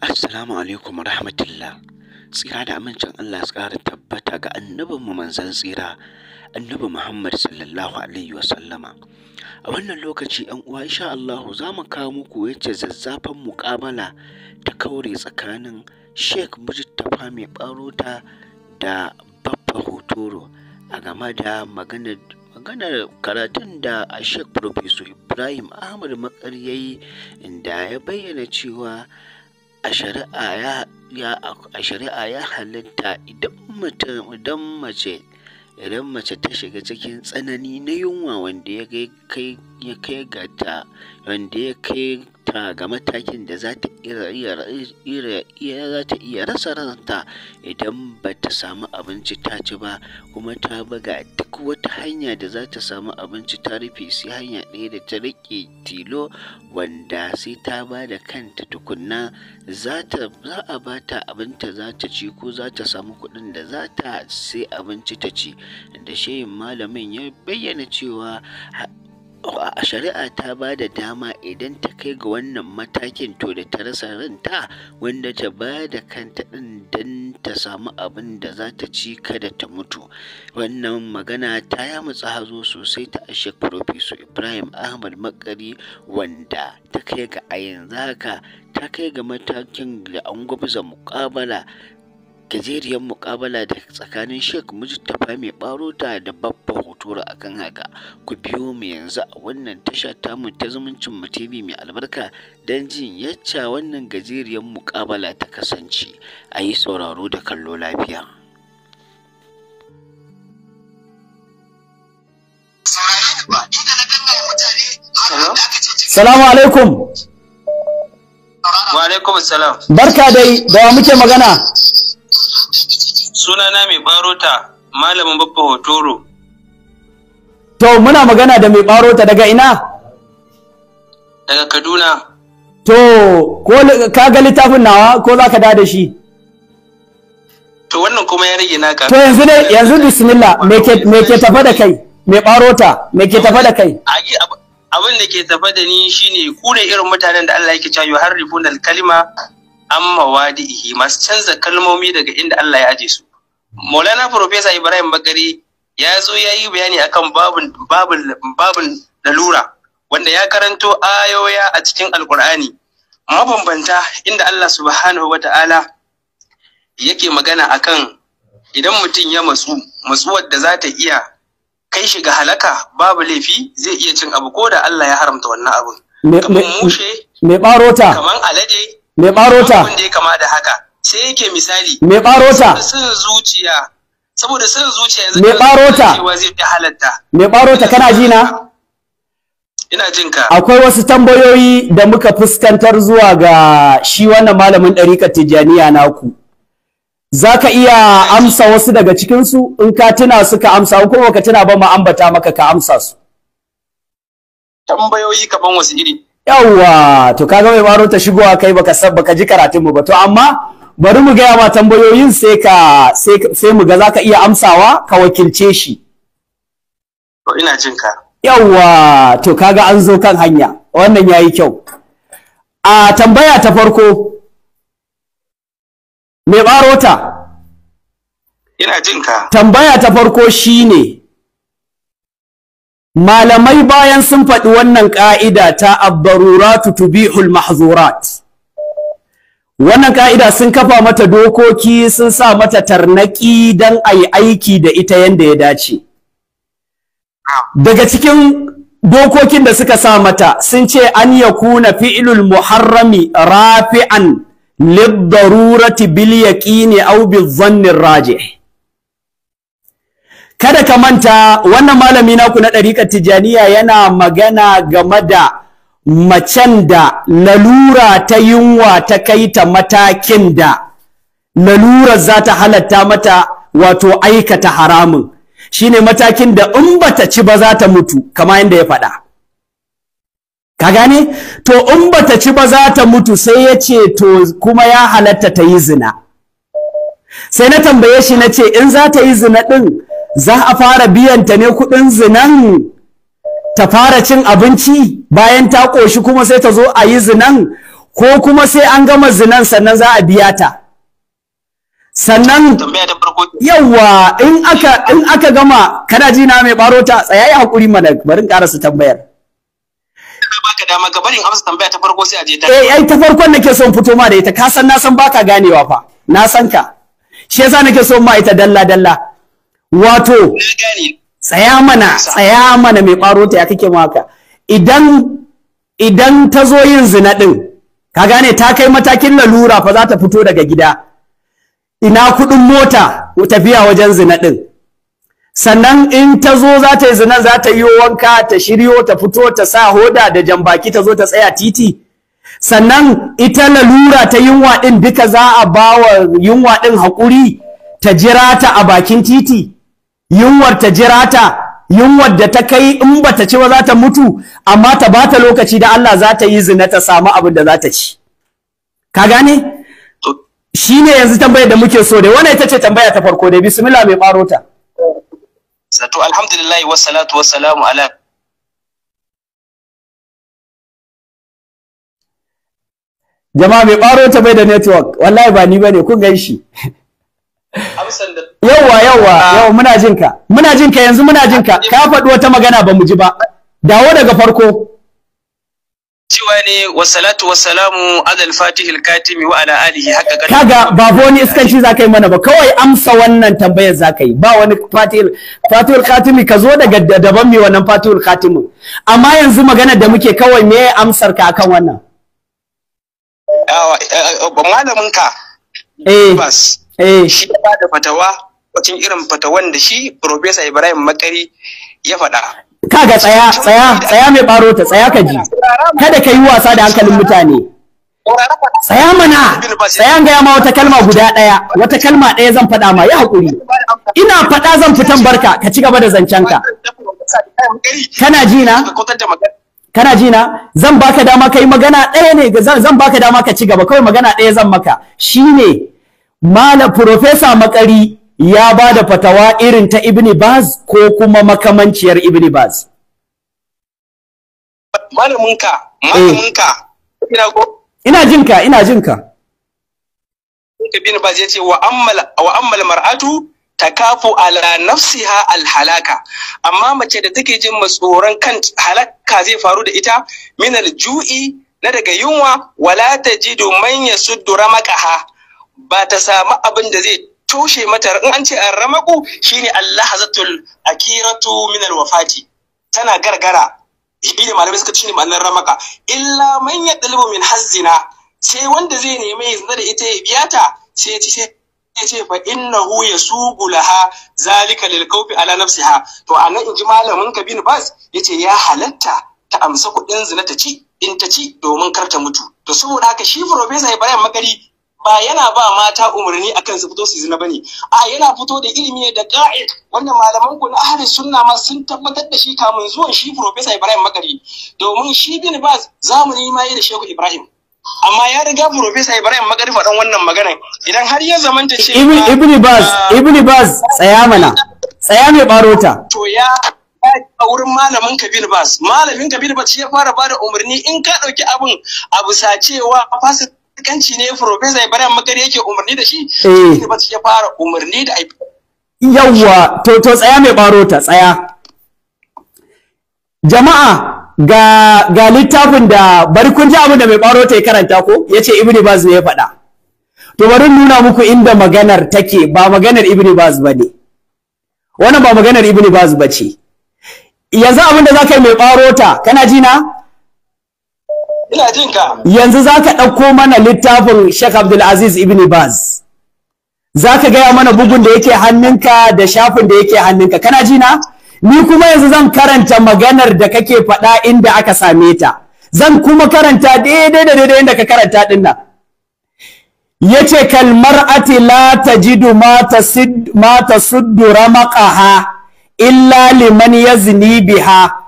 Assalamu alaikum rahmatullah. Tsira da amincin Allah tsara tabbata ga annabin mu manzon tsira, annabi Muhammad sallallahu alaihi wa sallama. A wannan lokaci ‘yan uwa insha Allah za mu kawo muku yacce zazzafan muƙabala ta kaure tsakanin Sheikh Mujtafa mai barota da Baffa Hotoro a game da maganar maganar karatun da Sheikh Profesor Ibrahim Ahmad Makar yayi inda ya bayyana cewa a shari'a ya halitta idan mutum mace idan mace ta shiga cikin tsanani na yunwa wanda ya kai ya kai ga ta wanda ya kai ta ga matakin da za ta iya rasa ranta idan ba ta samu abinci ta ci ba kuma ta buga duk wata hanya da za ta samu abinci ta rufe sai hanya ɗaya da ta riƙe tilo wanda sai ta ba da kanta tukunna za a ba ta abinta za ta ci ko za ta samu kuɗin da za ta sai abinci ta ci da shehin malamin ya bayyana cewa a shari'a ta ba da dama idan ta kai ga wannan matakin to da ta rasa ranta wanda ta ba da kanta ɗin don ta samu abin da za ta ci kada ta mutu wannan magana ta ya mutsa hazo sosai ta ashe profesor ibrahim ahmad makari wanda ta kai ga a yanzu haka ta kai ga matakin da an gwabza mukabala gajeriyar muƙabala da tsakanin Sheikh Mujtaba mai baruta da Baffa a akan haka. Ku biyo mu yanzu a wannan tasha tamu ta zumuncin mu TV mai albarka don jin yacca wannan gajeriyar mukabala ta kasance. A yi sauraro da kallo lafiya. Salamu alaikum. Wa alaikum salam. Barka dai, da muke magana? sunana mai barota malamin babba hotoro to muna magana da mai barota daga ina daga kaduna to ko ka ga littafin nawa ko za ka da da shi to wannan kuma ya rage naka to yanzu ne, yanzu bismillah me ke me ke tafa da kai me barota me ke tafa da kai abin da ke tafa da ni shine ku ne irin mutanen da Allah yake cewa yuharrifuna al-kalima amma wadi'ihi masu canza kalmomi daga inda Allah ya aje su Maulana Profesa Ibrahim Bakari ya zo ya yi bayani akan babun babin lalura wanda ya karanto ayoya a cikin Alkur'ani mabambanta inda Allah subhanahu wa ta'ala yake magana akan idan mutum ya matsu matsuwar da za ta iya kai shi ga halaka babu laifi zai iya cin abu ko da Allah ya haramta wannan abun. Me ɓaro ta? alade me barota wanda ya kama da haka sai yake misali me barota sun zuciya saboda sun zuciya yanzu me barota zai fi halatta me barota kana ji na ina jin ka akwai wasu tambayoyi da muka fuskantar zuwa ga shi wannan malamin ɗariƙar tijaniya naku za ka iya amsa wasu daga cikinsu in ka tuna suka amsa ko ka tuna ba mu ambata maka ka amsa su tambayoyi kaman wasu iri yawwa to kaga mai baro ta shigo a kai baka san baka ji karatun mu ba to amma bari mu gaya ma tambayoyin sai ka sai mu ga zaka iya amsawa ka wakilce shi to ina jin ka yawwa to kaga an zo kan hanya wannan yayi kyau a tambaya ta farko mai baro ta ina jin ka tambaya ta farko shine malamai bayan sun faɗi wannan ƙa'ida ta abbaruratu tubihul mahzurat wannan ƙa'ida sun kafa mata dokoki sun sa mata tarnaƙi don a yi aiki da ita yadda ya dace daga cikin dokokin da suka sa mata sun ce an ya kuna fi'ilul muharrami rafi'an lid darurati bil yaqini aw bil rajih kada ka manta wannan malami naku na ɗariƙar tijjaniya yana magana game da macen da lalura ta yunwa ta kai ta matakin da lalurar za ta halatta mata wato aikata haramun shine matakin da in bata ci ba za ta mutu kama yadda ya faɗa ka gane to in bata ci ba za ta mutu sai ya ce to kuma ya halatta ta yi zina sai na tambaye shi na ce in za ta yi zina ɗin za a fara biyan ta ne kuɗin zinan ta fara cin abinci bayan ta ƙoshi kuma sai ta zo a yi zinan ko kuma sai an gama zinan sannan za a biya ta sannan yawa in aka in aka gama kana ji na mai baro ta tsaya hakuri mana barin karasa tambayar baka dama ga in amsa tambaya ta farko sai a je ta eh ai ta farkon nake son fito ma da ita ka san na san baka ganewa fa na san ka shi yasa nake son ma ita dalla dalla wato tsaya mana tsaya mana mai ɓaro ta ya kake maka idan idan ta zo yin zina ɗin ka gane ta kai matakin lalura fa za ta fito daga gida ina kuɗin mota tafiya wajen zina ɗin sannan in ta zo za ta yi zina za ta yi wanka ta shiryo ta fito ta sa hoda da jambaki ta zo ta tsaya titi sannan ita lalura ta yunwa ɗin duka za a ba wa yunwa ɗin haƙuri ta jira ta a bakin titi yunwar ta jira ta yunwar da ta kai in bata ci ba za ta mutu amma ta ba ta lokaci da Allah za ta yi zina ta samu abin da za ta ci ka gane shine yanzu tambayar da muke so dai wannan ita ce tambaya ta farko dai bismillah mai baro ta to alhamdulillah wassalatu salamu ala jama'a mai baro ta bai da network wallahi ba ni bane kun gan shi amsan da Yawwa yawwa yau ah. muna jin ka. Muna jin ka yanzu muna jin ka. Ka faɗi wata magana ba mu ji ba. Dawo daga farko. Cewa ne wa salatu wa salamu alal fatihil katimi wa ala alihi haka kan. Kaga ba fa wani iskanci za mana ba kawai amsa wannan tambayar za ka yi ba wani fatihil fatihil katimi ka zo daga daban mai wannan fatihil katimi Amma yanzu magana da muke kawai me amsar ka akan wannan. Ah, eh, eh, eh, malamin ka. Eh. Bas. Eh. Shi ba da fatawa wacin irin fatawan da shi Profesa Ibrahim Makari ya faɗa. Kaga tsaya tsaya tsaya mai baro ta tsaya ka ji. Kada ka yi wasa da hankalin mutane. Tsaya mana tsaya gaya ma wata kalma guda ɗaya wata kalma ɗaya zan faɗa ma ya haƙuri. Ina faɗa zan fitan barka ka ci gaba da zancenka. Kana ji na? kana ji na zan baka dama kai magana ɗaya ne zan baka dama ka ci gaba kawai magana ɗaya zan maka shine mala professor makari ya ba da fatawa irin ta ibn baz ko kuma makamanciyar ibn baz malaminka eh. malaminka ina ko ina jinka ina jinka ibn baz yace wa ammal wa ammal mar'atu takafu ala nafsiha alhalaka amma mace da take jin matsoron kan halaka zai faru da ita minal ju'i na daga yunwa wala tajidu man yasuddu ramaqaha ba ta samu abin da zai tushe mata in an ce arramaku shine allahazatul akiratu min alwafati tana gargara da malamai suka ce ma'anar ramaka illa man yadlubu min hazzina sai wanda zai nemi ya zina da ita ya biya ta sai ya ci sai ya ce fa innahu yasubu laha zalika na ala nafsiha to anan inji malamin bin bas yace ya halatta ta amsa kuɗin zina ta ci in ta ci domin kar ta mutu to saboda haka shi professor Ibrahim Magari ba yana ba mata umarni akan su fito su zina bane a yana fito da ilimi da qa'id wannan malaman ku na ahli sunna ma sun tabbatar da shi kamun zuwan shi professor Ibrahim Makari domin shi bin ba zamani ma yi da Shehu Ibrahim amma ya riga professor Ibrahim Makari faɗan wannan maganar idan har ya zamanta ce Ibn Baz Ibn Baz ah. tsaya mana tsaya mai barota to ya a wurin malamin Kabir Bas malamin Kabir Bas shi ya fara bada umarni in ka dauki abin abu sacewa fasit iskanci ne Profesa Ibrahim Magari yake umarni da shi, eh. shi ba ya fara umarni da aiki. Yawwa, to to tsaya mai baro ta tsaya. Jama'a ga ga littafin da bari kun ji abin da mai baro ta karanta ko yace Ibn Baz ne ya faɗa. To bari nuna muku inda maganar take ba maganar Ibn Baz bane. Wannan ba maganar Ibn Baz bace. Yanzu abin da zaka yi mai baro ta kana ji na? ina jin ka yanzu zaka ɗauko mana littafin Sheikh Abdul Aziz Ibn Baz zaka gaya mana bugun da yake hannunka da shafin da yake hannunka kana ji na ni kuma yanzu zan karanta maganar da kake faɗa inda aka same ta zan kuma karanta daidai da daidai inda ka karanta din nan yace kal mar'ati la tajidu ma tasid ma tasuddu ramaqaha illa liman yazni biha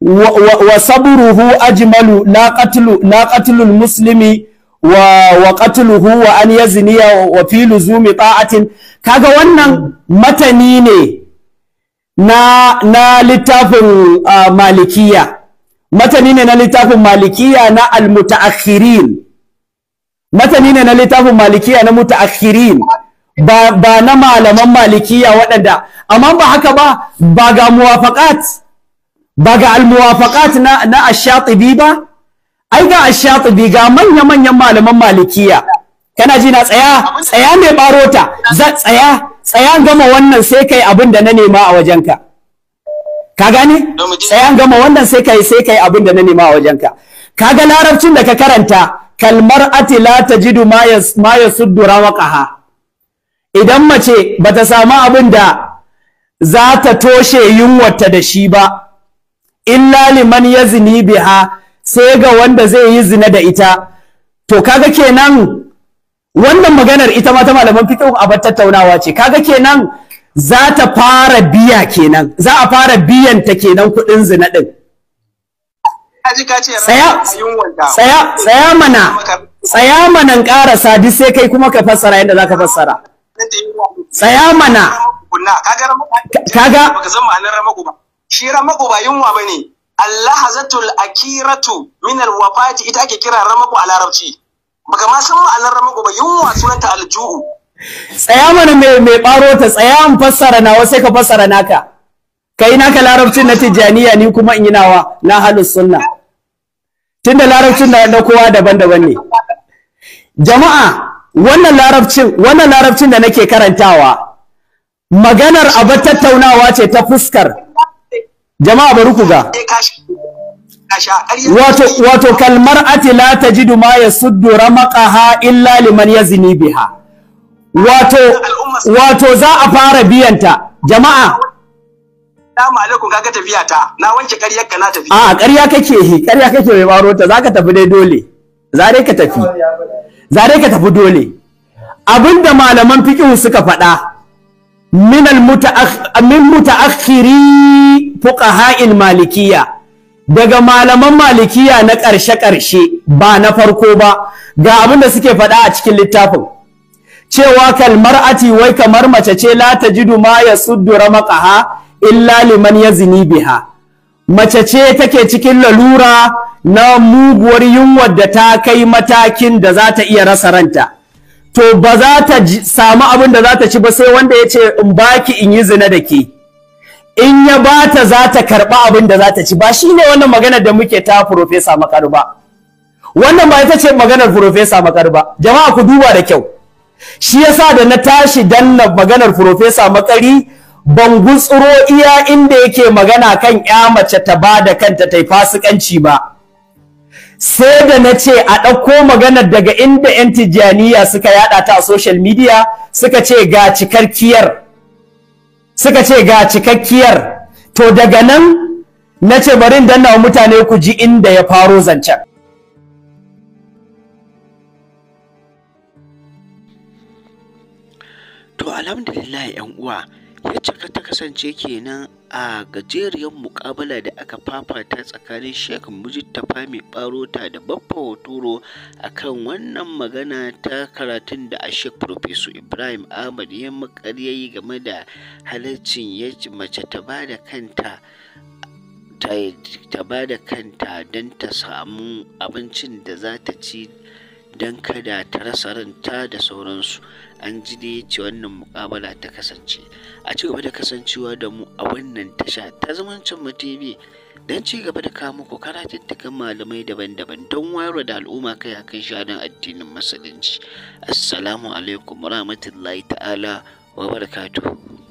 wa sabruhu ajmalu la qatlu la qatlu muslimi wa wa qatluhu wa an yazniya wa fi kaga wannan matanine ne na na littafin malikiya na littafin malikiya na ba na malaman malikiya waɗanda amma ba haka ba ba ga muwafaqat ba ga almuwafaqat na na ash-shatibi ba ai ga ash-shatibi ga manya manyan malaman malikiya kana ji na tsaya tsaya mai barota za tsaya tsaya gama wannan sai kai abin da na nema a wajenka ka gane tsaya gama wannan sai kai sai kai abin da na nema a wajenka kaga larabcin da ka karanta kalmar ati la tajidu ma yas ma yasuddu rawaqaha idan mace bata samu abin da za ta toshe yunwarta da shi ba illa liman yazni biha sai ga wanda zai yi zina da ita to kaga kenan wannan maganar ita ma ta malaman fiqh bar tattaunawa ce kaga kenan za ta fara biya kenan za a fara biyan ta kenan kuɗin zina din tsaya tsaya tsaya mana tsaya mana ƙara sadi sai kai kuma ka fassara yadda za ka fassara tsaya mana kaga shi ramaku ba yunwa bane allahazatul akiratu min alwafati ita ake kira ramako a larabci baka ma san ma'anar ramako ba yunwa sunanta alju'u tsaya mana mai mai baro ta tsaya an fassara nawa sai ka fassara naka kai naka larabcin na tijaniya ni kuma in yi nawa na halus sunna tunda larabcin na kowa daban-daban ne jama'a wannan larabcin wannan larabcin da nake karantawa maganar abin tattaunawa ce ta fuskar jama'a bari ku ga wato wato kalmar ati la tajidu ma yasuddu ramaqaha illa liman yazni biha wato wato za a fara biyanta jama'a Assalamu alaikum kaga tafiya ta na wanke ƙaryar ka na tafi a ƙarya kake he ƙarya kake mai baro ta zaka tafi dai dole zare ka tafi zare ka tafi dole abinda malaman fiqh suka faɗa min mutaakhiri fuqaha'il malikiya daga malaman malikiya na ƙarshe-ƙarshe ba na farko ba ga abin da suke faɗa a cikin littafin cewa ati wai kamar mace ce la tajidu ma yasuddu ramaqaha illa liman yazini biha mace ce take cikin lalura na muguwar yunwar da ta kai matakin da za ta iya rasa ranta to ba za ta samu abin da za ta ci ba sai wanda ya ce in baki in yi zina da ke in ya ba ta za ta karɓa abin da za ta ci ba shine wannan maganar da muke ta Profesa Makaru wannan ba ita ce maganar Profesa makarba jama'a ku duba da kyau shi yasa da na tashi danna maganar Profesa Makari ban gutsuro iya inda yake magana kan ya mace ta ba da kanta ta yi fasikanci ba sai da na ce a ɗauko maganar daga inda 'yan tijjaniya suka yada ta a social media suka ce ga cikakkiyar suka ce ga cikakkiyar to daga nan na ce bari danna wa mutane ku ji inda ya faro zancen to alhamdulillah 'yan uwa cika ta kasance kenan a gajeriyar muƙabala da aka fafata tsakanin Sheikh mujittafa Mai barota da Baffa turo a kan wannan magana ta karatun da a Sheikh Profesor Ibrahim Ahmad ya makaryayi game da halaccin mace ta ba da kanta ta ba da kanta don ta samu abincin da za ta ci don kada ta rasa ranta da sauransu an ji da yace wannan mukabala ta kasance a ci gaba da kasancewa da mu a wannan tasha ta zamancin mu tv don ci gaba da kawo muku karatuttukan malamai daban-daban don wayarwa da al'umma kai akan shaɗin addinin musulunci assalamu alaikum rahmatullahi ta'ala wa barakatuhu